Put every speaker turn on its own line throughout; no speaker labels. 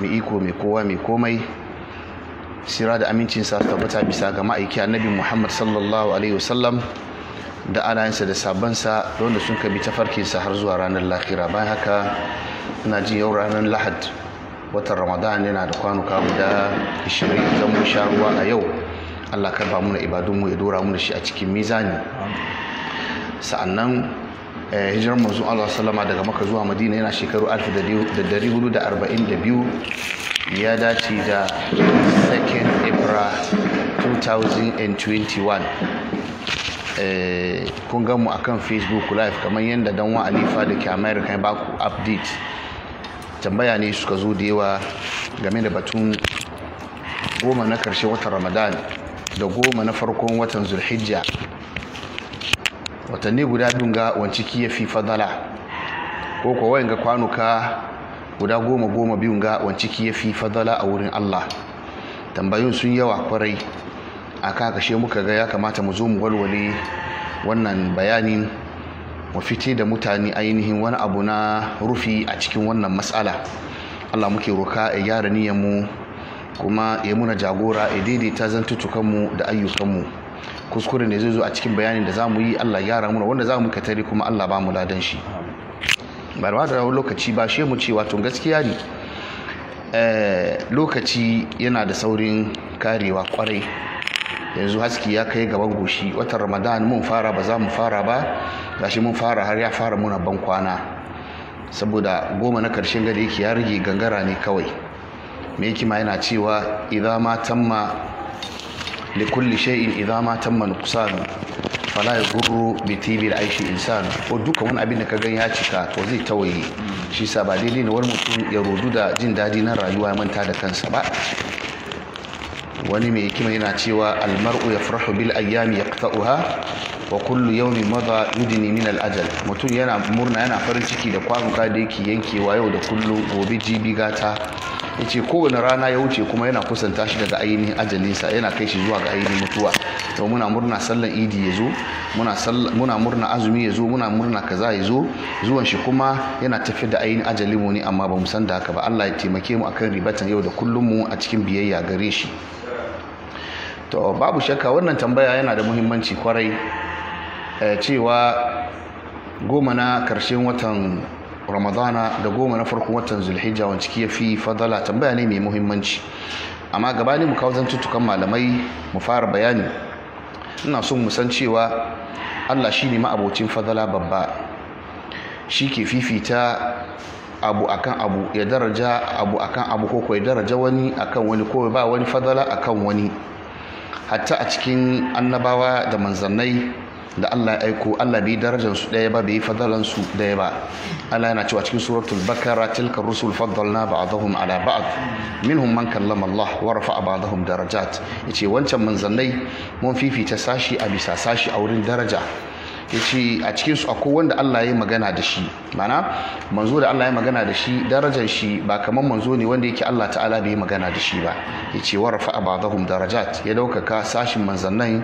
mai iko mai kowa mai komai sira da amincin sa tabbata bisa ga ma'aiki annabi muhammad sallallahu alaihi wasallam da alayensa da sabansa da wanda sun kabi sa har zuwa ranar lahira bayan haka ina ji yau ranar lahad watan ramadan yana da kwanuka guda 20 zan mu sha ruwa a yau allah karba muna ibadunmu ya dora muna shi a cikin mizani sa'annan Eh, hijirar manzo Allah sallama daga maka zuwa madina yana shekaru 1442 ya dace da 2nd april 2021 eh, kun gan a akan facebook live kamar yadda dan wa alifa da ke america ba ku update tambaya ne suka zo da yawa game da batun goma na karshe watan ramadan da goma na farkon watan zulhijja watanni guda biyun ga wanciki ya fi fadala ko kuwa wayan ga kwanuka guda goma goma biyun ga wanciki ya fi fadala a wurin Allah tambayun sun yawa kwarai a kakashe muka ga ya kamata mu zo mu walwale wannan bayani mu fite da mutane ainihin wani abu na rufi a cikin wannan matsala Allah muke roka ya gyara niyyar mu kuma ya muna jagora ya daidaita zantutukanmu da ayyukanmu. kuskure ne zai zo a cikin bayanin da za mu yi Allah gyara mu wanda za ka tare kuma Allah ba mu ladan shi ba da rawo lokaci ba shi mu ce wato gaskiya ne eh, lokaci yana da saurin karewa kwarai yanzu haski ya kai gaban goshi watan ramadan mun fara ba za mu fara ba Ga shi mun fara har ya fara muna ban kwana saboda goma na karshen gada yake ya rage gangara ne kawai me yake yana cewa idan ma tamma likulli shay'in idza ma tamma nuqsanu fala yaghurru bi tibil aishi insan ko duka wani abin da ka gan ya cika to zai tawaye shi sa ba daidai na wani mutum ya rodu da jin daɗi na rayuwa manta da kansa ba wani mai hikima yana cewa almar'u yafrahu bil ayyami yaqta'uha wa kullu yawmin madha yudni min al ajal mutum yana murna yana farin ciki da kwanuka da yake yankewa yau da kullun, gobe jibi gata ya ce kowane rana ya wuce kuma yana kusanta shi daga ainihin ajalinsa yana kai shi zuwa ga ainihin mutuwa to muna murna sallan idi ya zo muna murna azumi ya zo muna murna kaza ya zo zuwan shi kuma yana tafi da ainihin ajalin mu ne amma ba san da haka ba Allah ya taimake mu akan ribatan yau da kullum mu a cikin biyayya gare shi to babu shakka wannan tambaya yana da muhimmanci kwarai eh, cewa goma na karshen watan ramadana da goma na farko watan zulhijja wani ciki ya fi fadala tambaya ne mai muhimmanci amma gabanin mu kawo zantuttukan malamai mu fara bayani ina son mu san cewa Allah shi shine ma'abocin fadala babba shi ke fifita abu akan abu ya daraja abu akan abu ko ya daraja wani akan wani ko ba wani fadala akan wani hatta a cikin annabawa da manzannai da Allah ya aiko Allah bai darajar su daya ba bai fadalan su daya ba Allah yana cewa cikin suratul bakara tilka rusul faddalna ba'dahum ala ba'd minhum man kallama Allah wa rafa'a ba'dahum darajat yace wancan manzannai mun fifita sashi a bisa sashi a wurin daraja yace a cikin su akwai wanda Allah ya magana da shi mana manzo da Allah ya magana da shi darajar shi ba kamar manzo ne wanda yake Allah ta'ala bai magana da shi ba yace wa rafa'a ba'dahum darajat ya daukaka sashin manzannai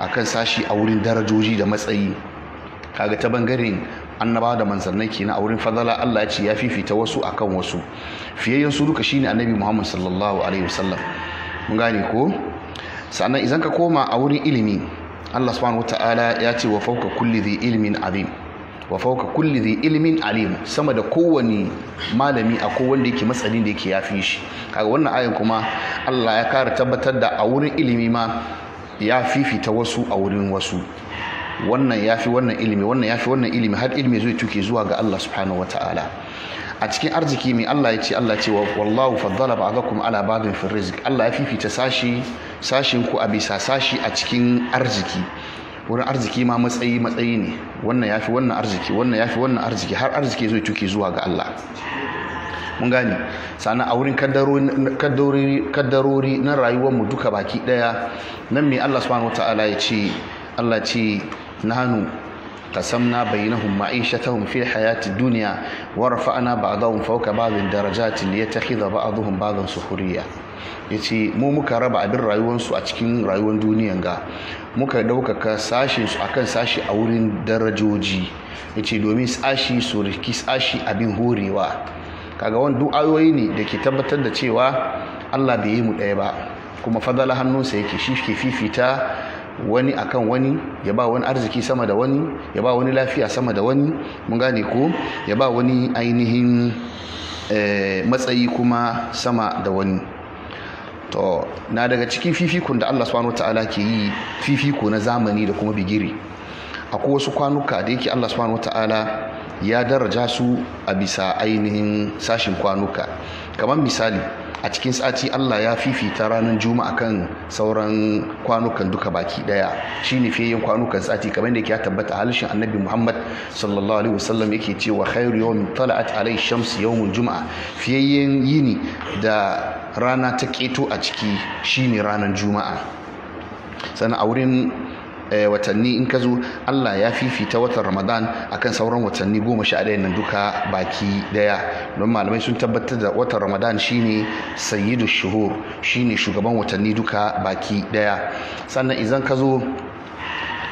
akan sashi a wurin darajoji da matsayi kaga ta bangaren annaba da manzannai kenan a wurin fadala Allah ya ce ya fifita wasu akan wasu fiyayyen su duka shine annabi Muhammad sallallahu alaihi wasallam mun gane ko sannan idan ka koma a wurin ilimi Allah subhanahu wataala ya ce wa fauka kulli dhi ilmin azim wa fauka kulli dhi ilmin alim sama da kowane malami a wanda yake matsalin da yake yafi shi kaga wannan ayin kuma Allah ya kara tabbatar da a wurin ilimi ma ya fifita wasu a wurin wasu wannan ya fi wannan ilimi wannan ya fi wannan ilimi har ilimi zai tuke zuwa ga Allah subhanahu wa ta'ala a cikin arziki mai Allah ya ce Allah ce wallahu faddala ba'dakum ala ba'din fi rizq Allah ya fifita sashi sashin ku a bisa sashi a cikin arziki wurin arziki ma matsayi matsayi ne wannan ya fi wannan arziki wannan ya fi wannan arziki har arziki zai tuke zuwa ga Allah mun gane sannan a wurin kaddarori na rayuwarmu duka baki daya nan mai Allah subhanahu wataala ya ce Allah ce nahnu qasamna ta hun fiye hayati dunya wa ta ba'dahum fawqa a zuhun ba zan ba'dhan ya yace mu muka raba abin rayuwarsu a cikin rayuwar duniyan ga muka ɗaukaka sashen su kan sashi a wurin darajoji ya ce domin sashi su riki sashi abin horewa kaga wani duk ayoyi ne da ke tabbatar da cewa Allah bai yi mu ɗaya ba kuma fadala hannunsa yake shi ke fifita wani akan wani ya ba wani arziki sama da wani ya ba wani lafiya sama da wani mun gane ko ya ba wani ainihin eh, matsayi kuma sama da wani to na daga cikin fifikun da Allah subhanahu ta'ala ke yi fifiko na zamani da kuma bigiri akwai wasu kwanuka da yake Allah subhanahu ta'ala ya daraja su a bisa ainihin sashin kwanuka kamar misali a cikin sati Allah ya fifita ranar juma'a kan sauran kwanukan duka baki daya shine fiye kwanukan sati kamar da ya tabbata halishin annabi Muhammad sallallahu alaihi wasallam yake cewa khairu yawmin tala'at alai shams yawmul juma'a fiye yini da rana ta keto a ciki shine ranar juma'a sannan a wurin Eh, watanni in ka zo Allah ya fifita watan Ramadan akan sauran watanni goma sha ɗaya nan duka baki ɗaya don malamai sun tabbatar da watan Ramadan shine sayyidu shuhur shine shugaban watanni duka baki ɗaya sannan izan ka zo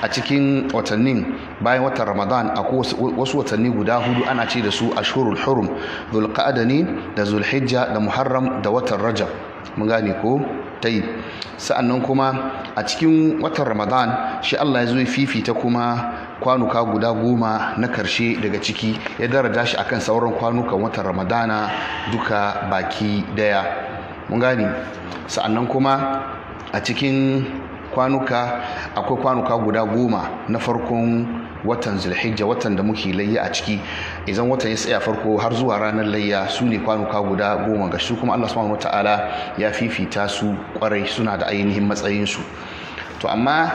a cikin watannin bayan watan ramadan akwai wasu watanni guda hudu ana ce da su ashurul hurum zulqa'ada da zulhijja da muharram da watan rajab mun gane ko ta yi, sa'annan kuma a cikin watan ramadan shi Allah ya zo ya fifita kuma kwanuka guda goma na karshe daga ciki ya daraja shi akan sauran kwanukan watan ramadana duka baki daya mun gane sa'annan kuma a cikin kwanuka akwai kwanuka guda goma na farkon watan zulhijja watan da muke layya a ciki idan watan ya tsaya farko har zuwa ranar layya su ne kwanuka guda goma ga su kuma Allah subhanahu wataala ya fifita su kwarai suna da ainihin matsayin su to amma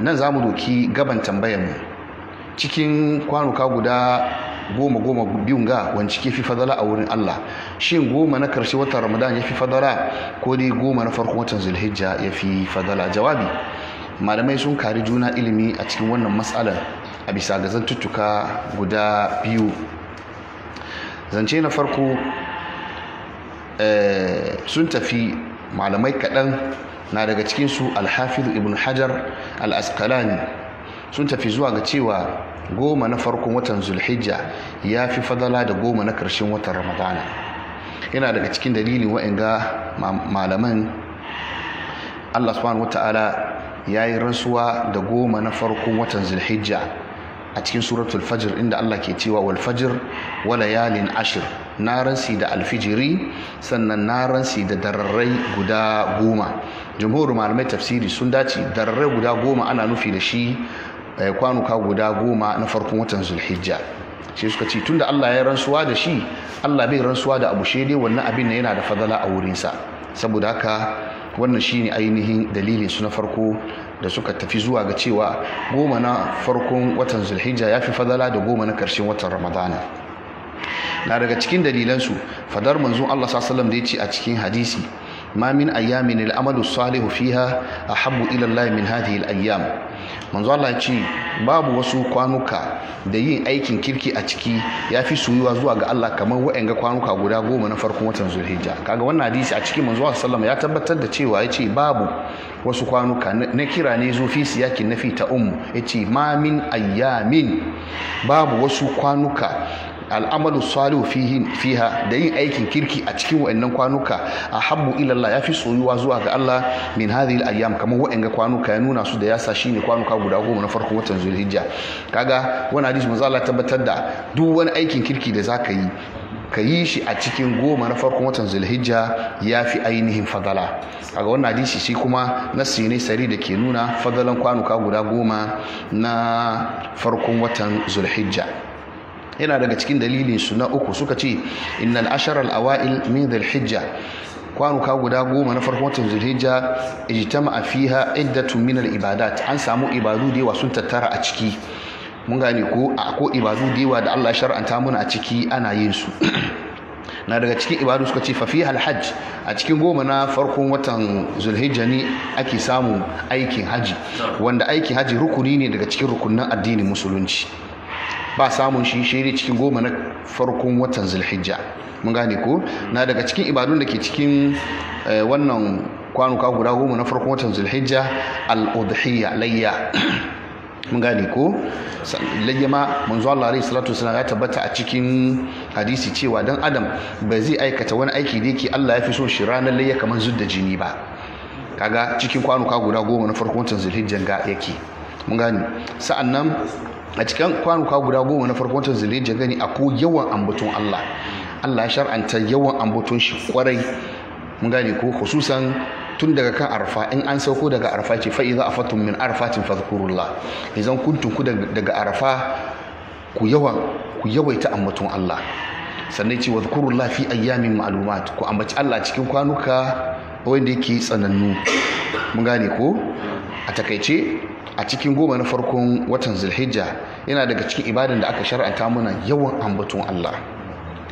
nan zamu doki gaban tambayar mu cikin kwanuka guda goma goma biyun ga wanci ke fi fadala a wurin Allah shin goma na karshe watan Ramadan ya fi fadala ko dai goma na farkon watan Zulhijja ya fi fadala jawabi malamai sun kari juna ilimi a cikin wannan matsalar a bisa ga zantuttuka guda biyu zance na farko eh, sun tafi malamai kaɗan na daga cikinsu alhafizu ibn hajar al-asqalani sun tafi zuwa ga cewa goma na farkon watan zulhijja ya fi fadala da goma na karshen watan ramadana yana daga cikin dalilin wa'inga malaman allah subhanahu wata'ala ya yi rantsuwa da goma na farkon watan zulhijja a cikin suratul fajr inda Allah ke cewa wal fajr wa layalin ashir na ransi da alfijiri sannan na ransi da dararrai guda goma jumhur malamai tafsiri sun dace dararrai guda goma ana nufi da shi eh, kwanuka guda goma na farkon watan zulhijja shi suka ce tunda Allah ya rantsuwa da shi Allah bai rantsuwa da abu shede wannan abin yana da fadala a wurinsa saboda haka wannan shine ainihin dalilin su na farko da suka tafi zuwa ga cewa goma na farkon watan zulhijja ya fi fadala da goma na karshen watan ramadana na daga cikin dalilansu fadar manzon allah sallallahu da ya ce a cikin hadisi ma min ne al'amalu salihu fiha ahabbu ila Allah min hadhihi ayyam. manzo Allah ce babu wasu kwanuka da yin aikin kirki a ciki ya fi soyuwa zuwa ga Allah kamar ga kwanuka guda goma na farkon watan Zulhijja kaga wannan hadisi a cikin Manzuwa sallallahu ya tabbatar da cewa yace babu wasu kwanuka na kira ne zo fi siyakin nafi ta ummu yace mamin ayyamin babu wasu kwanuka al'amalu salihu fiha da yin aikin kirki a cikin wa'annan kwanuka a habbu ilallah ya fi soyuwa zuwa ga Allah min hadhihi al-ayyam kamar wa'annan kwanuka ya nuna su da yasa shine kwanuka guda goma na farkon watan Zulhijja kaga wani hadisi manzo Allah tabbatar da duk wani aikin kirki da zaka yi ka yi shi a cikin goma na farkon watan zulhijja ya fi ainihin fadala kaga wannan hadisi shi kuma nasi ne sari da ke nuna fadalan kwanuka guda goma na farkon watan zulhijja yana daga cikin dalilin su na uku suka ce innal ashar awail min dhil hijja kwanuka guda goma na farkon watan zulhijja a fiha iddatu min ibadat an samu ibadu da yawa sun tattara a ciki mun gane ko a ko ibadu da yawa da Allah shar'anta mana a ciki ana yin su na daga cikin ibadu suka ce fafi alhaj a cikin goma na farkon watan zulhijja ne ake samun aikin haji wanda aikin haji rukuni ne daga cikin rukunin addinin musulunci ba samun shi shiri cikin goma na farkon watan zulhijja mun gane ko na daga cikin ibadun da ke cikin eh, wannan kwanuka guda goma na farkon watan zulhijja al-udhiyya layya mun gane ko layya ma manzo Allah alaihi salatu wasallam ya tabbata a cikin hadisi cewa dan adam ba zai aikata wani aiki da yake Allah ya fi so shi ranar layya kamar zudda jini ba kaga cikin kwanuka guda goma na farkon watan zulhijja ga yake mun gane sa'annan a cikin kwanuka guda goma na farkon watan zulhijja gani ko yawan ambaton Allah Allah ya shar'anta yawan ambaton shi kwarai mun gane ko khususan tun daga kan arfa in an sauko daga arfa ce fa a afatum min arfatin fadhkurullah idan kuntum ku daga arfa ku yawan ku yawaita ambaton Allah sannan ce wadhkurullah fi ayyamin ma'lumat ku ambaci Allah cikin kwanuka wanda yake tsanannu mun gane ko a takaice a cikin goma na farkon watan zulhijja yana daga cikin ibadan da aka shar'anta muna yawan ambaton Allah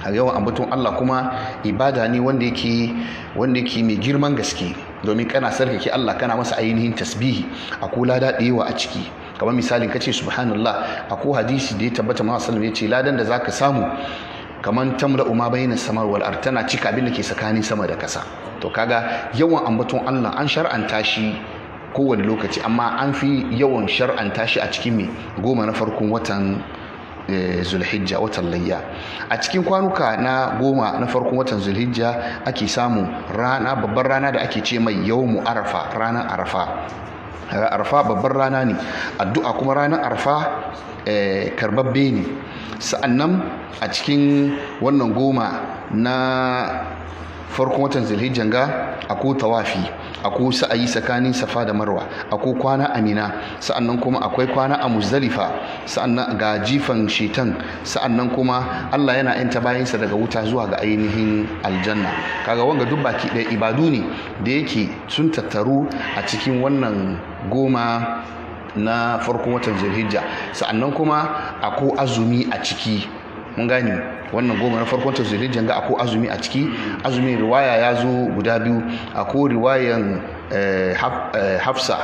yawan ambaton Allah kuma ibada ne wanda yake wanda yake mai girman gaske domin kana sarkake Allah kana masa ainihin tasbihi a kula da a ciki kamar misalin kace subhanallah a ko hadisi da ya tabbata ma sallallahu alaihi ladan da zaka samu kamar tamra umma bainas samar wal tana cika abin da ke tsakanin sama da kasa to kaga yawan ambaton Allah an shar'anta shi kowane lokaci amma an fi yawan shar'anta shi a cikin mai goma na farkon watan eh, zulhijja watan layya a cikin kwanuka na goma na farkon watan zulhijja ake samu rana babbar rana da ake ce mai yawmu arafa ranar arafa arafa babbar rana ne addu'a kuma ranar arafa eh, karbabbe ne sa'annan a cikin wannan goma na farkon watan zulhijjan ga akwai tawafi ako sa'ayi tsakanin safa da marwa ako kwana a sa'annan kuma akwai kwana a muzdalifa sa'annan ga jifan shetan sa'annan kuma Allah yana yanta bayansa daga wuta zuwa ga ainihin aljanna kaga wanga duk baki ɗaya ibadu ne da yake sun tattaru a cikin wannan goma na farkon watan zirhijja sa'annan kuma ako azumi a ciki mun gani wannan goma na farkon tafsirin ga akwai azumi a ciki azumi riwaya ya zo guda biyu akwai riwayan eh, eh, hafsa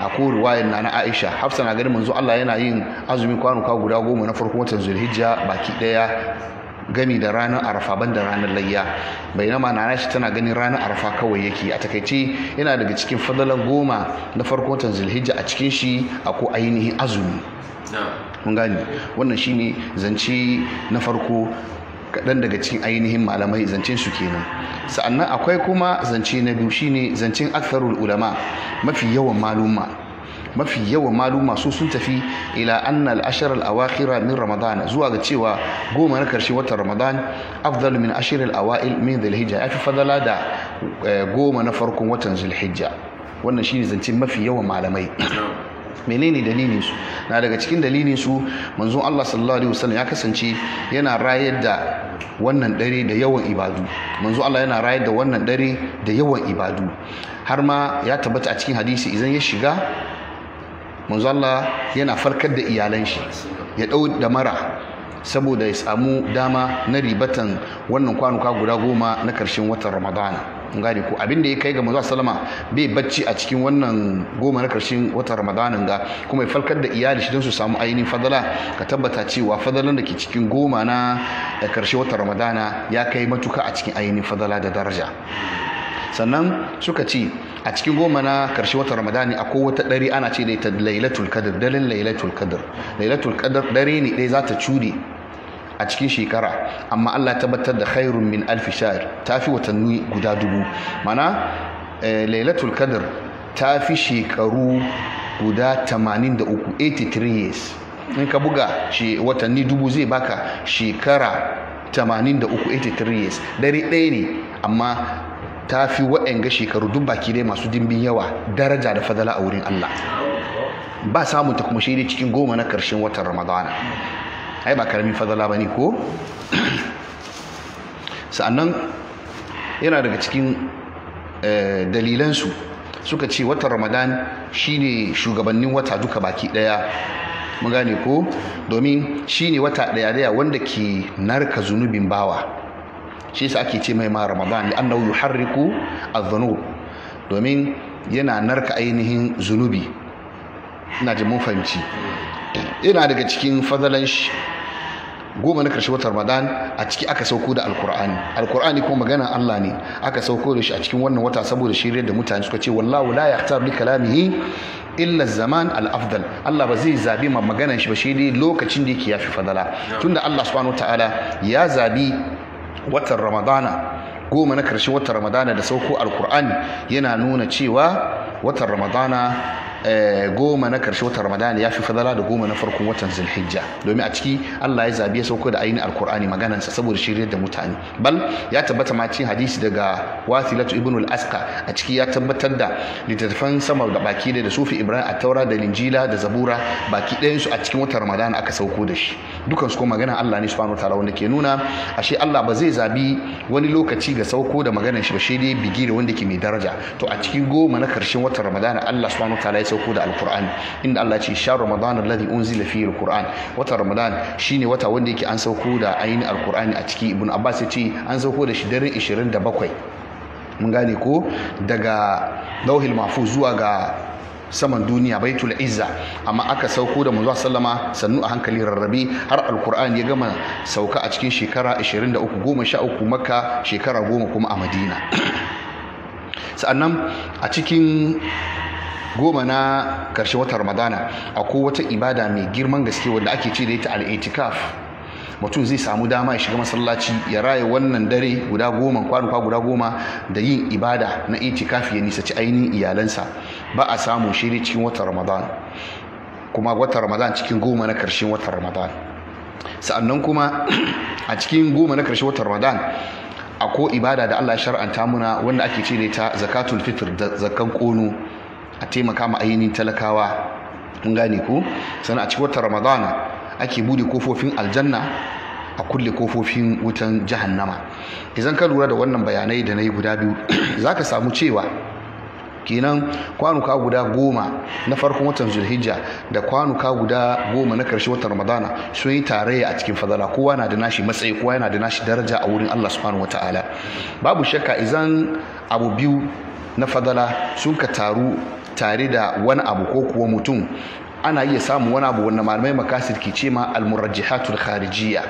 akwai riwayan na na aisha hafsa na ganin manzo allah yana yin azumi kwanuka guda goma na farkon watan zulhijja baki daya gami da ranar arafa ban da ranar layya bai nama na nashi tana ganin ranar arafa kawai yake a takaice yana daga cikin fadalar goma na farkon watan zulhijja a cikin shi akwai ainihin azumi kun gani wannan shine zance na farko kaɗan daga cikin ainihin malamai zancen su kenan sa'annan akwai kuma zance na biyu shine zancen aktharul ulama mafi yawan maluma mafi yawan maluma su sun tafi ila annal ashirar awa kira min ramadan zuwa ga cewa goma na karshe watan ramadan afdal min ashirar al-awail min ya yafi fadala da eh, goma na farkon watan zulhijja wannan shine zancen mafi yawan malamai menene dalilin su na daga cikin dalilin su Allah sallallahu alaihi wasallam ya kasance yana rayar da wannan dare da yawan ibadu manzo Allah yana rayar da wannan dare da yawan ibadu har ma ya tabbata a cikin hadisi idan ya shiga manzo Allah yana farkar da iyalan shi ya dau da mara saboda ya samu dama na ribatan wannan kwanuka guda goma na karshen watan ramadana gane ko abin ya kai ga manzo sallama bai bacci a cikin wannan goma na karshen watan ramadanin ga kuma ya falkar da iyali shi don su samu ainihin fadala ka tabbata cewa fadalan da ke cikin goma na karshen watan ramadana ya kai matuka a cikin ainihin fadala da daraja sannan suka ce a cikin goma na karshe watan ramadani akwai wata dare ana ce da ita lailatul kadir dalin lailatul lailatul dare ne dai za ta cude a cikin shekara amma Allah tabbatar da khairun min alfi ta fi watanni guda dubu mana eh, lailatul qadr ta fi shekaru guda 83 83 years in ka buga watanni dubu zai baka shekara 83 83 years dare ɗaya ne amma ta fi waɗanga shekaru duk baki dai masu dimbin yawa daraja da fadala a wurin Allah ba samun ta kuma shi cikin goma na karshen watan Ramadana ai ba karamin fazala ba ne ko sa'annan yana daga cikin eh, dalilansu suka ce watan ramadan shine shugabannin wata duka baki daya mun gane ko domin shine wata daya daya wanda ke narka zunubin bawa shi sa ake ce mai ma ramadan annahu yuharriku adh-dhunub domin yana narka ainihin zunubi ina ji mun fahimci yana daga cikin fadalan shi goma na karshe watan ramadan a ciki aka sauko da alkur'ani alkur'ani kuma magana allah ne aka sauko da shi a cikin wannan wata saboda shirya da mutane suka ce wallahu la yahtar li kalamihi illa zaman al-afdal allah ba zai zabi ma maganan shi ba shi dai lokacin da yake yafi fadala tunda allah subhanahu ta'ala ya zabi watan ramadana goma na karshe watan ramadana da sauko alkur'ani yana nuna cewa watan ramadana Eh, goma na karshe watan ramadan ya fi fadala da goma na farkon watan zulhijja domin a ciki Allah ya zabi ya sauko da ainihin alkur'ani maganansa saboda shiryar da mutane bal ya tabbata ma cikin hadisi daga wasilatu ibn al Aska a ciki ya tabbatar da littattafan sama da baki da sufi ibrahim a taura da linjila da zabura baki ɗayan su a cikin watan ramadan aka sauko da shi dukan su ko maganar Allah ne subhanahu wataala wanda ke nuna ashe Allah ba zai zabi wani lokaci ga sauko da maganar shi ba shi dai bigi da wanda ke mai daraja to a cikin goma na karshen watan ramadan Allah subhanahu wataala ya sauko da alkur'ani inda Allah ce sha ramadan alladhi unzila fihi alquran wata ramadan shine wata wanda yake an sauko da ainihin alkur'ani a ciki ibn abbas ya ce an sauko da shi daren 27 mun gane ko daga lauhil mahfuz zuwa ga saman duniya baitul izza amma aka sauko da manzo sallama sannu a hankali rarrabe har alkur'ani ya gama sauka a cikin shekara 23 goma sha uku makka shekara goma kuma a madina sa'annan a cikin goma na karshe watan ramadana akwai wata ibada mai girman gaske wadda ake ce da ita al mutum zai samu dama ya shiga masallaci ya raya wannan dare guda goma kwanuka guda goma da yin ibada na itikafi ya nisaci ainihin iyalansa ba a samu shi cikin watan ramadan kuma watan ramadan cikin goma na karshen watan ramadan sa'annan kuma a cikin goma na karshen watan ramadan akwai ibada da allah shar'anta muna wanda ake ce da ita zakatul fitr da zakan kono a taimaka ma ainihin talakawa mun gane ku. sannan a cikin watan ramadana ake bude kofofin aljanna a kulle kofofin wutan jahannama idan ka lura da wannan bayanai da na yi guda biyu za ka samu cewa kenan kwanuka guda goma na farkon watan zulhijja da kwanuka guda goma na karshe watan ramadana sun yi tarayya a cikin fadala kowa na da nashi matsayi kowa yana da nashi daraja a wurin allah subhanahu wataala babu shakka izan abu biyu na fadala sun ka taru tare da wani abu ko kuwa mutum ana iya samun wani abu wanda malamai makasir ke ce ma almurajjihatul kharijiyya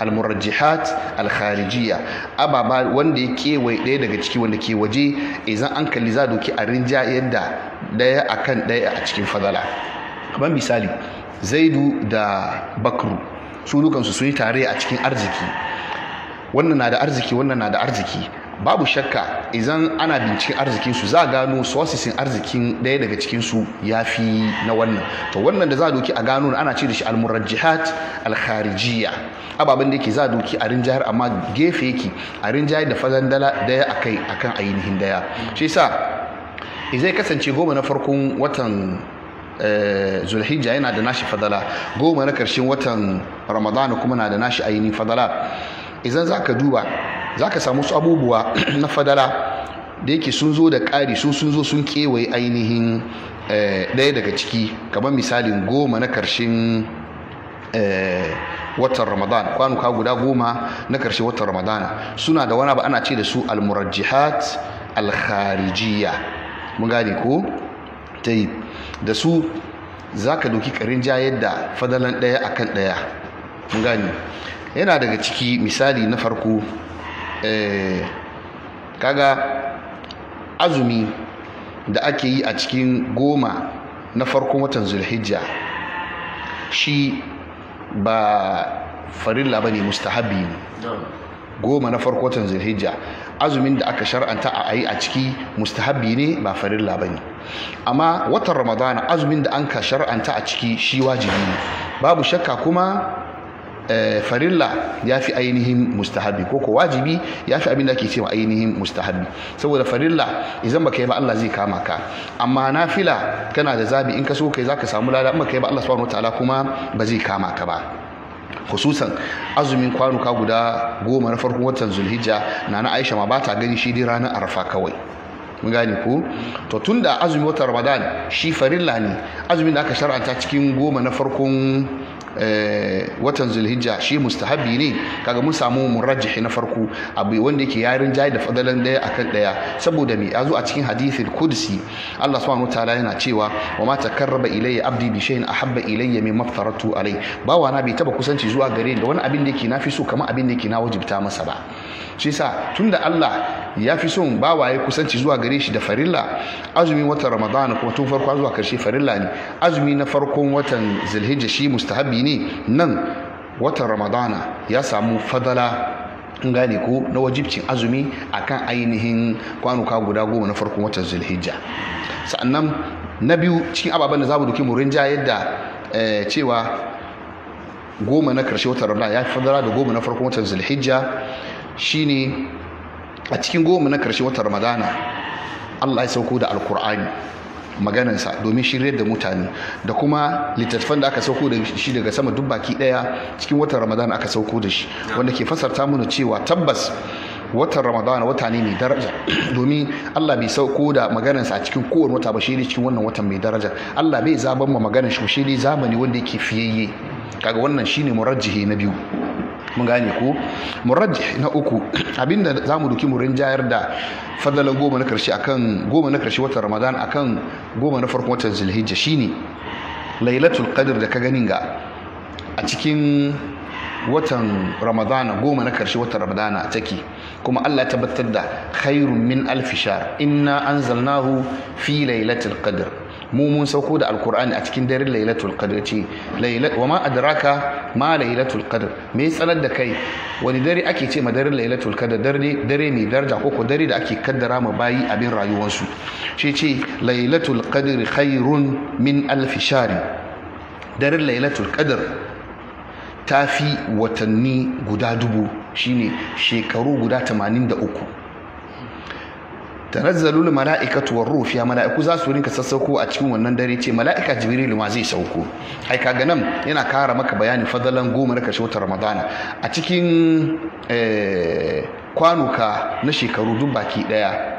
almurajjihat alkharijiyya ababa wanda ya kewaye daya daga ciki wanda ke waje idan an kalli za doki a rinja yadda ɗaya akan ɗaya a cikin fadala kamar misali zaidu da bakru su dukansu sun yi tare a cikin arziki wannan na da arziki wannan na da arziki babu shakka idan ana binciken arzikin su za a gano sosisin arzikin daya daga cikin su fi na wannan to wannan da za a doki a gano ana ce da shi almurajjihat alkharijiyya ababen da yake za a doki a rinjayar amma gefe yake a rinjayar da fadan dala daya akai akan ainihin daya shi yasa zai kasance goma na farkon watan eh, zulhijja yana da nashi fadala goma na karshen watan ramadana kuma na da nashi ainihin fadala idan za ka duba za ka samu su abubuwa na fadala da yake sun zo da ƙari su sun zo sun kewaye ainihin eh, ɗaya daga ciki kamar misalin goma na ƙarshen eh, watan ramadan kwanuka guda goma na ƙarshen watan ramadana suna da wani ba ana ce da su almurajihat alkharijiya mun gane ko ta yi da su za ka doki ƙarin jayar da fadalan ɗaya akan ɗaya mun gane yana daga ciki misali na farko Eh, kaga azumi da ake yi a cikin goma na farkon watan zulhijja shi ba farilla ba ne mustahabi ne goma na farko watan zulhijja azumin da aka shar'anta a yi a ciki mustahabi ne ba farilla ba ne amma watan ramadana azumin da an ka shar'anta a ciki shi wajibi ne babu shakka kuma Eh, farilla ya fi ainihin mustahabi ko ko wajibi ya fi abin da ake cewa ainihin mustahabi saboda farilla idan baka yi ba Allah zai kama ka amma nafila kana da zabi in ka so kai zaka samu lada in baka yi ba Allah subhanahu wataala kuma ba zai kama ka ba khususan azumin kwanuka guda goma na farkon watan zulhijja na na aisha ma ba ta gani shi dai ranar arfa kawai mun gane ko to tunda azumin watan ramadan shi farilla ne azumin da aka shar'anta cikin goma na farkon Eh, watan zulhijja shi mustahabi ne kaga mun samu murajjihi na farko abu wanda yake yarin jayi da fadalan daya akan daya saboda me yazo a cikin hadithin kudsi Allah subhanahu ta'ala yana cewa wa ma takarraba ilayya abdi bi shay'in ahabba ilayya mimma faratu alai bawa na bai taba kusanci zuwa gare da wani abin da yake nafi so kamar abin da yake na wajibta masa ba shi yasa tunda Allah ya fi son bawaye kusanci zuwa gare shi da farilla azumin watan ramadana kuma tun farko zuwa karshe farilla ne azumi na farkon watan zulhijja shi mustahabi ne nan watan ramadana ya samu fadala in gane ko na wajibcin azumi akan ainihin kwanuka guda goma na farkon watan zulhijja sa'annan na biyu cikin ababen da za mu doki mu rinja yadda eh, cewa goma na karshe watan ramadana ya fadala da goma na farkon watan zulhijja shine a cikin goma na karshe watan ramadana Allah ya sauko da alkur'ani maganarsa domin shiryar da mutane da kuma littattafan da aka sauko da shi daga sama duk baki daya cikin watan ramadan aka sauko da shi wanda ke fasarta mana cewa tabbas watan ramadana wata ne mai daraja domin allah bai sauko da maganarsa a cikin kowane wata ba shi ne cikin wannan watan mai daraja allah bai zaban ma maganar shi shi ne zamani wanda yake fiyayye kaga wannan shine murajjihi na biyu mun gane ko murajjih na uku abinda zamu duki mu rinjayar da fadalan goma na karshe akan goma na karshe watan ramadan akan goma na farkon watan zulhijja shine lailatul qadr da ka ganin ga a cikin watan ramadana goma na karshe watan ramadana take kuma Allah ya tabbatar da khairun min alfishar inna anzalnahu fi lailatul qadr mu mun sauko da alkur'ani a cikin daren lailatul qadr ce wa ma adraka ma lailatul qadr me tsanar da kai wani dare ake ce ma daren lailatul qadr dare dare mai daraja ko ko dare da ake kaddara ma bayi abin rayuwarsu shi ce lailatul qadr khairun min alf shari daren lailatul qadr ta fi watanni guda dubu shine shekaru guda 83 tanazzalul mala'ikatu war ruh ya mala'iku za su rinka sassauko a cikin wannan dare ce mala'ika jibril ma zai sauko Aika kaga nan yana kara maka bayanin fadalan goma na karshe watan ramadana a cikin eh, kwanuka na shekaru duk baki daya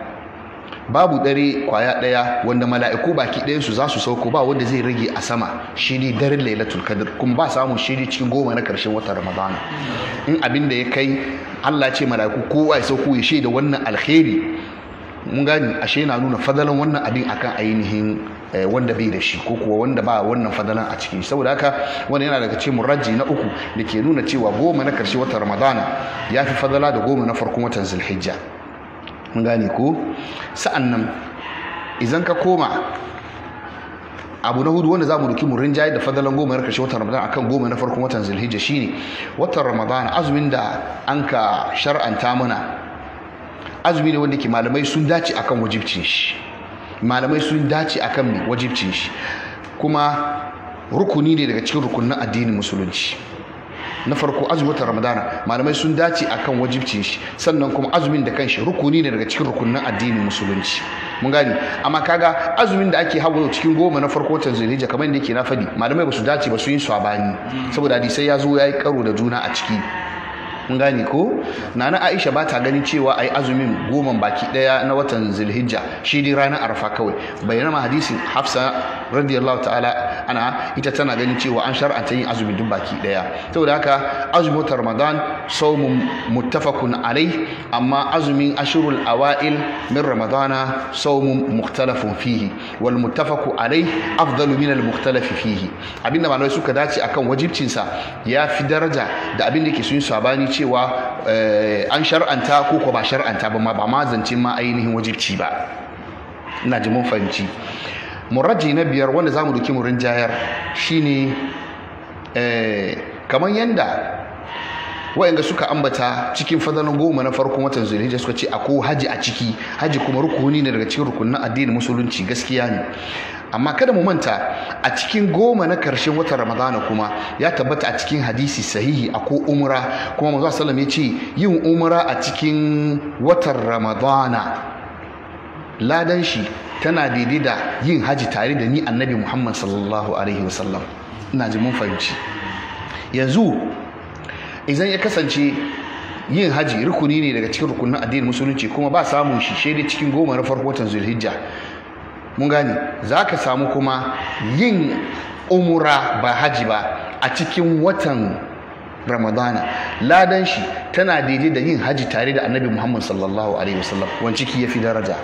babu dare kwaya daya wanda mala'iku baki ɗayan su za su sauko ba wanda zai rage a sama shine dare, lailatul qadr kuma ba samun shiri cikin goma na karshen watan ramadana in abin da ya kai Allah ce mala'iku kowa ya sauko ya shaida wannan alheri mun gani ashe na nuna fadalan wannan abin akan ainihin eh, wanda bai da shi ko kuwa wanda ba wannan fadalan a cikin saboda haka wannan yana daga cikin murajji na uku da ke nuna cewa goma na karshe wata ramadana ya fi fadala da goma na farkon watan zulhijja mun gane ko sa'an nan idan ka koma abu na hudu wanda za mu duki mu rinjaye da fadalan goma na karshe watan ramadana akan goma na farkon watan zulhijja shine watan ramadana azumin da an ka shar'anta mana azumi ne wanda ke malamai sun dace akan wajibcin shi malamai sun dace akan wajibcin shi kuma rukuni ne daga cikin rukunin addinin musulunci na farko azumin ramadana malamai sun dace akan wajibcin shi sannan kuma azumin da kanshi rukuni ne daga cikin rukunin addinin musulunci mun gani amma kaga azumin da ake hawo cikin goma na farko watan zulhijja kamar yadda yake na fadi malamai ba su dace ba su yi sabani saboda hadisai ya zo ya yi karo da juna a ciki kun gane ko nana aisha ba ta ganin cewa ai azumin goma baki daya na watan zulhijja shi ne ranar arfa kawai bayyana ma hadisin hafsa radiyallahu ta'ala ana ita tana ganin cewa an shar'anta yin azumin duk baki daya saboda haka azumin ramadan saumun muttafaqun alai amma azumin ashurul awail min ramadana saumun mukhtalafun fihi wal muttafaqu alai afdalu min al mukhtalaf fihi abinda malamai suka dace akan wajibcinsa ya fi daraja da abinda da ke sun sabani ce cewa eh, an shar'anta ko ko ba shar'anta ba ma ba ma zance ma ainihin wajibci ba ina ji mun fahimci muraji na biyar wanda zamu duki murin jayar shine eh, kamar yanda wa'inda suka ambata cikin fadalan goma na farkon watan zulhijja suka ce ko haji a ciki haji kuma rukuni ne daga cikin rukunin addinin musulunci gaskiya ne amma kada mu manta a cikin goma na karshen watan ramadana kuma ya tabbata a cikin hadisi sahihi a ko umra kuma za sallam ya ce yin umra a cikin watan ramadana ladan shi tana daidai da yin haji tare da ni annabi muhammad sallallahu alaihi wasallam ina ji mun fahimci yanzu idan ya kasance yin haji rukuni ne daga cikin rukunin addinin musulunci kuma ba samun shi shaidai cikin goma na farko watan zulhijja mun gane za ka samu kuma yin umura ba haji ba a cikin watan ramadana ladan shi tana daidai da yin haji tare da annabi muhammad sallallahu alaihi wasallam wanciki ya fi daraja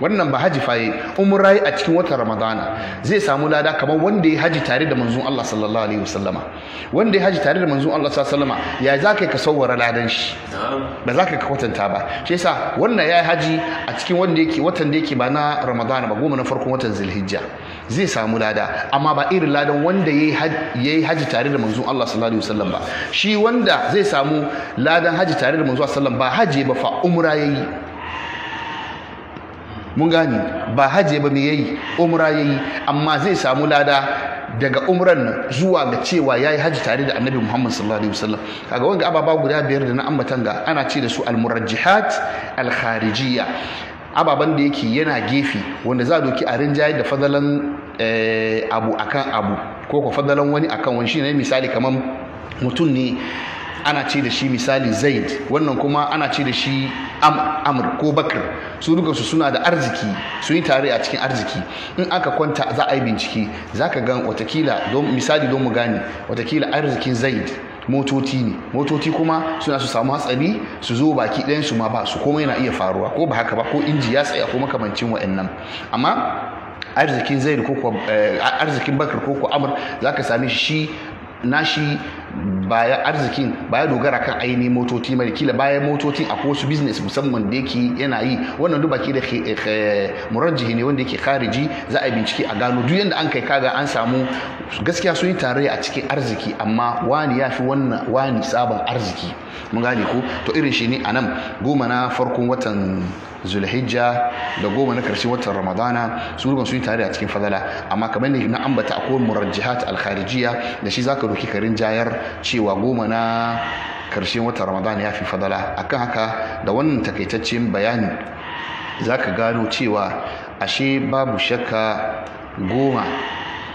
wannan ba haji faye umra yi a cikin watan ramadana zai samu lada kamar wanda ya haji tare da manzon Allah sallallahu alaihi wasallama wanda ya haji tare da manzon Allah sallallahu alaihi wasallama ya za ka ka sawwara ladan shi ba za ka kwatanta ba shi yasa wannan ya haji a cikin wanda yake watan da yake ba na ramadana ba goma na farkon watan zulhijja zai samu lada amma ba irin ladan wanda ya yi haji tare da manzon Allah sallallahu alaihi wasallam ba shi wanda zai samu ladan haji tare da manzon Allah sallallahu alaihi wasallam ba haji ba fa umra yayi mun gane ba haje ba me yayi umra yayi amma zai samu lada daga umran nan zuwa ga cewa yayi haji tare da annabi Muhammad sallallahu alaihi wasallam kaga wanga ababa guda biyar da na ambatan ga ana ce da su al-murajjihat al-kharijiyya ababan da yake yana gefe wanda za a doki a rinjaye da fadalan eh, abu akan abu ko ko fadalan wani akan wani shine misali kaman mutum ne ana ce da shi misali zaid wannan kuma ana ce da shi amr ko bakar su duka su suna da arziki su yi tare a cikin arziki in aka kwanta za a yi bincike za ka gan watakila misali don mu gane watakila arzikin zaid motoci ne motoci kuma suna su samu hatsari su zo baki ɗayan su ma ba su komai yana iya faruwa ko ba haka ba ko inji ya tsaya ko makamancin wa'annan amma arzikin zaid ko eh, arzikin bakar ko ko amr za ka same shi nashi baya arzikin baya dogara kan ainihin motoci mai kila baya motoci a wasu business musamman da yake yana yi wannan duk baki da eh, eh, murajjihi ne wanda yake kariji za a bincike a gano duk yadda an kai kaga an samu gaskiya sun yi tare a cikin arziki amma wani ya fi wannan wani sabon arziki mun gane ko to irin shi ne a nan goma na farkon watan zulhijja da goma na karshen watan ramadana su ruban sun yi tare a cikin fadala amma kamar ne na ambata akwai murajjihat alkharijiya da shi zaka roki karin jayar cewa goma na karshen watan ramadan ya fi fadala akan haka da wannan takaitaccen bayani za ka gano cewa ashe babu shakka goma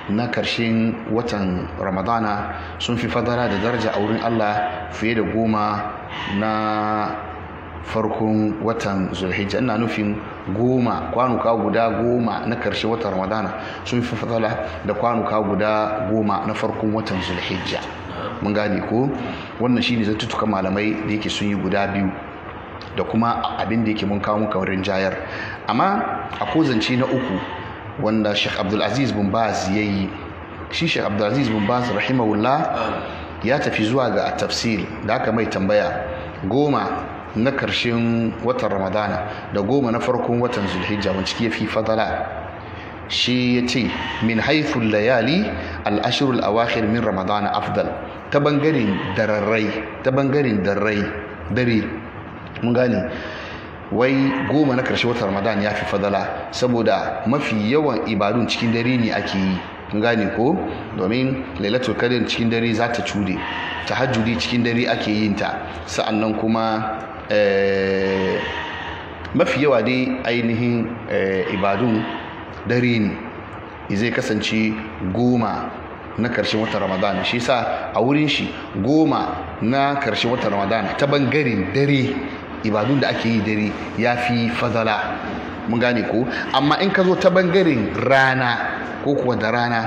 na karshen watan ramadana sun fi fadara da daraja a wurin allah fiye da goma na farkon watan zulhijja ina nufin goma kwanuka guda goma na karshe watan ramadana sun fi fadala da kwanuka guda goma na farkon watan zulhijja mun gane ko wannan shine zantuttukan malamai da yake sun yi guda biyu da kuma abin da yake mun kawo muka wurin jayar amma a kozance na uku wanda Sheikh Abdulaziz bin Baz yi. shi Sheikh Abdulaziz bin Baz rahimahullah ya tafi zuwa ga tafsir da aka mai tambaya goma na karshen watan ramadana da goma na farkon watan zulhijja wani ciki ya fi fadala shi ya ce min haifun layali al'ashirul awakhir min ramadana afdal ta bangaren dararrai ta bangaren dare mun gane wai goma na karshe watan ramadan ya fi fadala saboda mafi yawan ibadun cikin dare ne ake yi mun gane ko domin lailatul qadr cikin dare za ta cude tahajjudi cikin dare ake yi ta sa'annan kuma eh, mafi yawa dai ainihin eh, ibadun dare ne zai kasance goma na karshen watan ramadan shi sa a wurin shi goma na karshen watan ramadan ta bangaren dare ibadun da ake yi dare ya fi fadala mun gane ko amma in ka zo ta bangaren rana ko kuwa da rana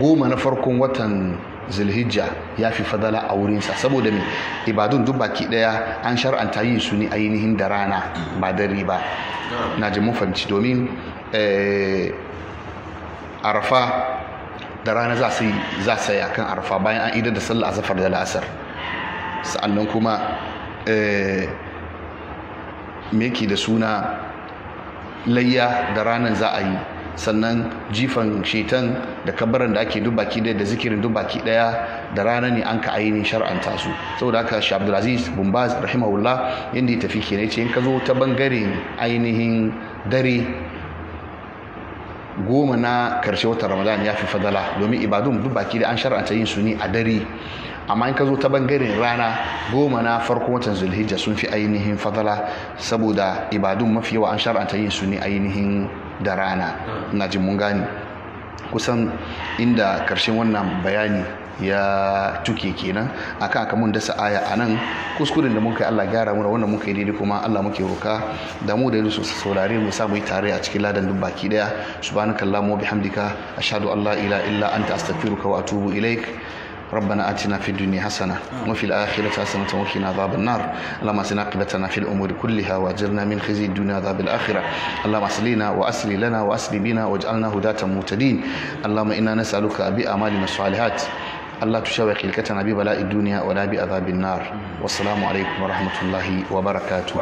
goma na farkon watan zulhijja ya fi fadala a wurinsa saboda mai ibadun duk baki daya an shar'anta yin su ne ainihin da rana ba dare ba na ji mun fahimci domin eh, arafa da rana za su yi za su akan arfa bayan an idar da sallah azafar da la'asar sa'annan kuma eh, meki da suna layya da ranar za a yi sannan jifan shetan da kabaran da ake dubaki daya da zikirin dubaki daya da rana ne an ka ainihin shar'anta su saboda haka shi abdulaziz bumbaz rahimahullah yadda ya tafi kenan ce in ka zo ta bangaren ainihin dare goma na karshe watan ramadan ya fi fadala domin ibadun duk baki da an shar'anta yin su a dare amma in ka zo ta bangaren rana goma na farko watan zulhijja sun fi ainihin fadala saboda ibadun mafi yawa an shar'anta yin suni ainihin da rana na jin mun gane kusan inda karshen wannan bayani ya tuke kenan akan aka mun dasa aya a nan kuskuren da muka yi Allah gyara mu da wanda muka yi daidai kuma Allah muke roka da mu da su saurare mu sa yi tare a cikin ladan duk baki daya subhanakallahumma wa bihamdika ashhadu an la ilaha illa anta astaghfiruka wa atubu ilaik ربنا آتنا في الدنيا kulli وفي الآخرة حسنة وقنا عذاب النار اللهم أسلنا عاقبتنا في الأمور كلها وأجرنا من خزي الدنيا عذاب الآخرة اللهم أسلينا وأسلي لنا وأسلي بنا واجعلنا هداة مهتدين اللهم إنا نسألك بأعمالنا الصالحات Allah tushe wa khilkata na bala'i duniya wa bi azabin nar wassalamu alaikum wa rahmatullahi wa barakatuh